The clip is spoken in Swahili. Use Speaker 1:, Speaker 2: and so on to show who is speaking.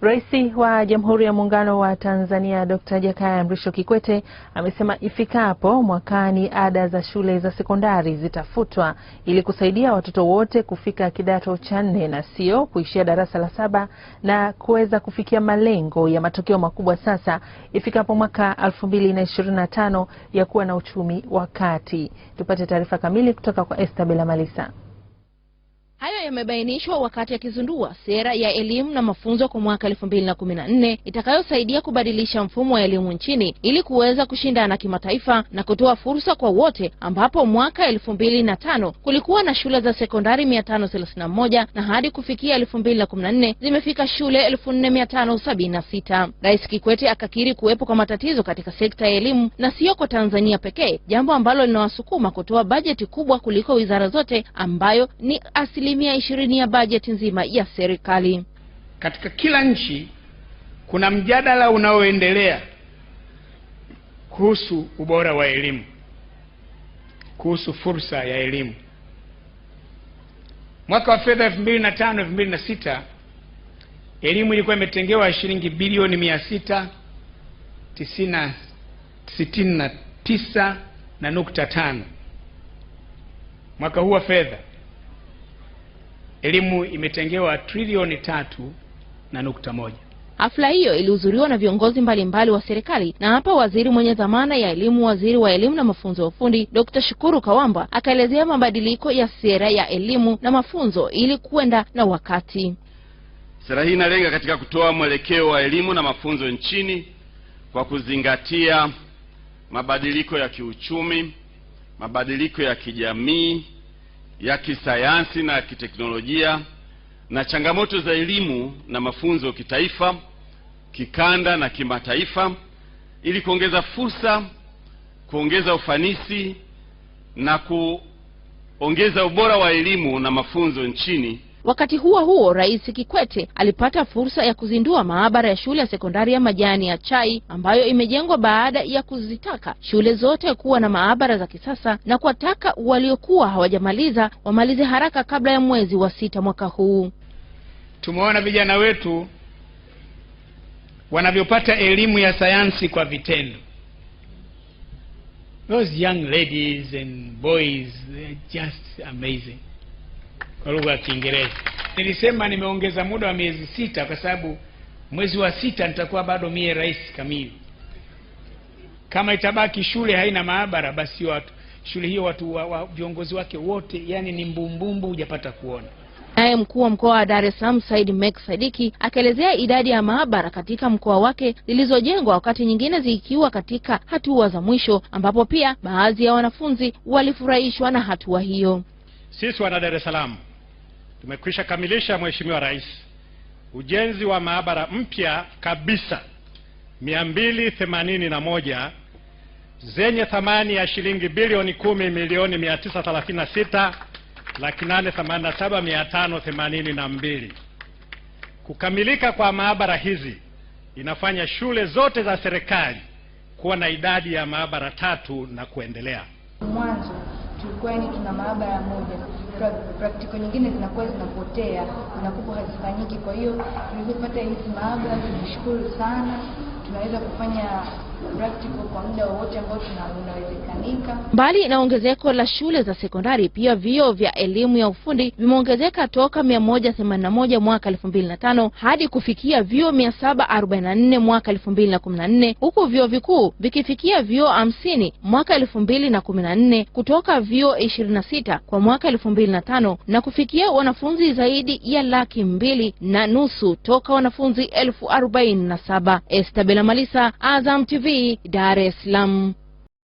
Speaker 1: Rais wa Jamhuri ya Muungano wa Tanzania Dr. Jakaya Mrisho Kikwete amesema ifikapo mwakani ada za shule za sekondari zitafutwa ili kusaidia watoto wote kufika kidato cha nne na sio kuishia darasa la saba na kuweza kufikia malengo ya matokeo makubwa sasa ifikapo mwaka 2025 ya kuwa na uchumi wa kati. Tupate taarifa kamili kutoka kwa Esther Bela Malisa
Speaker 2: yamebainishwa wakati akizindua sera ya elimu na mafunzo kwa mwaka 2014 itakayosaidia kubadilisha mfumo wa elimu nchini ili kuweza kushindana kimataifa na kutoa fursa kwa wote, ambapo mwaka 2005 kulikuwa na shule za sekondari 531 na hadi kufikia 2014 zimefika shule 4576. Rais Kikwete akakiri kuwepo kwa matatizo katika sekta ya elimu na sio kwa Tanzania pekee, jambo ambalo linawasukuma kutoa bajeti kubwa kuliko wizara zote ambayo ni asilimia ishirini ya bajeti nzima ya serikali.
Speaker 3: Katika kila nchi kuna mjadala unaoendelea kuhusu ubora wa elimu, kuhusu fursa ya elimu. Mwaka wa fedha na sita elimu ilikuwa imetengewa shilingi bilioni mia sita sitini na tisa na nukta tano. Mwaka huu wa fedha elimu imetengewa trilioni tatu na nukta moja.
Speaker 2: Hafla hiyo ilihudhuriwa na viongozi mbalimbali mbali wa serikali na hapa waziri mwenye dhamana ya elimu, waziri wa elimu na mafunzo ya ufundi Dr. Shukuru Kawamba akaelezea mabadiliko ya sera ya elimu na mafunzo ili kuenda na wakati.
Speaker 4: Sera hii inalenga katika kutoa mwelekeo wa elimu na mafunzo nchini kwa kuzingatia mabadiliko ya kiuchumi, mabadiliko ya kijamii ya kisayansi na kiteknolojia na changamoto za elimu na mafunzo kitaifa, kikanda na kimataifa ili kuongeza fursa, kuongeza ufanisi na kuongeza ubora wa elimu na mafunzo nchini
Speaker 2: Wakati huo huo, Rais Kikwete alipata fursa ya kuzindua maabara ya shule ya sekondari ya Majani ya Chai ambayo imejengwa baada ya kuzitaka shule zote kuwa na maabara za kisasa na kuwataka waliokuwa hawajamaliza wamalize haraka kabla ya mwezi wa sita mwaka huu.
Speaker 3: Tumeona vijana wetu wanavyopata elimu ya sayansi kwa vitendo. Those young ladies and boys, just amazing kwa lugha ya Kiingereza. Nilisema nimeongeza muda wa miezi sita kwa sababu mwezi wa sita nitakuwa bado mie rais kamili. Kama itabaki shule haina maabara, basi watu shule hiyo watu wa, wa, viongozi wake wote yani ni mbumbumbu, hujapata kuona.
Speaker 2: Naye mkuu wa mkoa wa Dar es Salaam Said Mek Sadiki akaelezea idadi ya maabara katika mkoa wake zilizojengwa, wakati nyingine zikiwa katika hatua za mwisho, ambapo pia baadhi ya wanafunzi walifurahishwa na hatua hiyo.
Speaker 5: Sisi wana Dar es Salaam Tumekwisha kamilisha, Mheshimiwa Rais, ujenzi wa maabara mpya kabisa 281 zenye thamani ya shilingi bilioni 10 milioni 936 laki 887,582. Kukamilika kwa maabara hizi inafanya shule zote za serikali kuwa na idadi ya maabara tatu na kuendelea.
Speaker 6: Mwanzo kwani tuna maabara moja. Praktiko nyingine zinakuwa zinapotea, zinakuwa hazifanyiki. Kwa hiyo tulizopata hizi maabara tunashukuru sana, tunaweza kufanya
Speaker 2: Mbali na ongezeko la shule za sekondari, pia vio vya elimu ya ufundi vimeongezeka toka 181 mwaka 2005 hadi kufikia vio 744 mwaka 2014, huku vio vikuu vikifikia vio 50 mwaka 2014 kutoka vio 26 kwa mwaka 2005 na kufikia wanafunzi zaidi ya laki mbili na nusu toka wanafunzi elfu arobaini na saba. Estabela Malisa, Azam TV Dar es Salaam.